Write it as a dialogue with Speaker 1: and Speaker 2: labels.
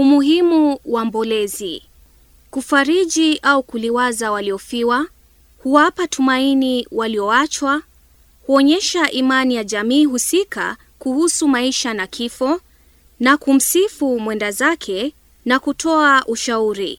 Speaker 1: Umuhimu wa mbolezi: kufariji au kuliwaza waliofiwa, huwapa tumaini walioachwa, huonyesha imani ya jamii husika kuhusu maisha na kifo, na kumsifu mwenda
Speaker 2: zake na kutoa ushauri.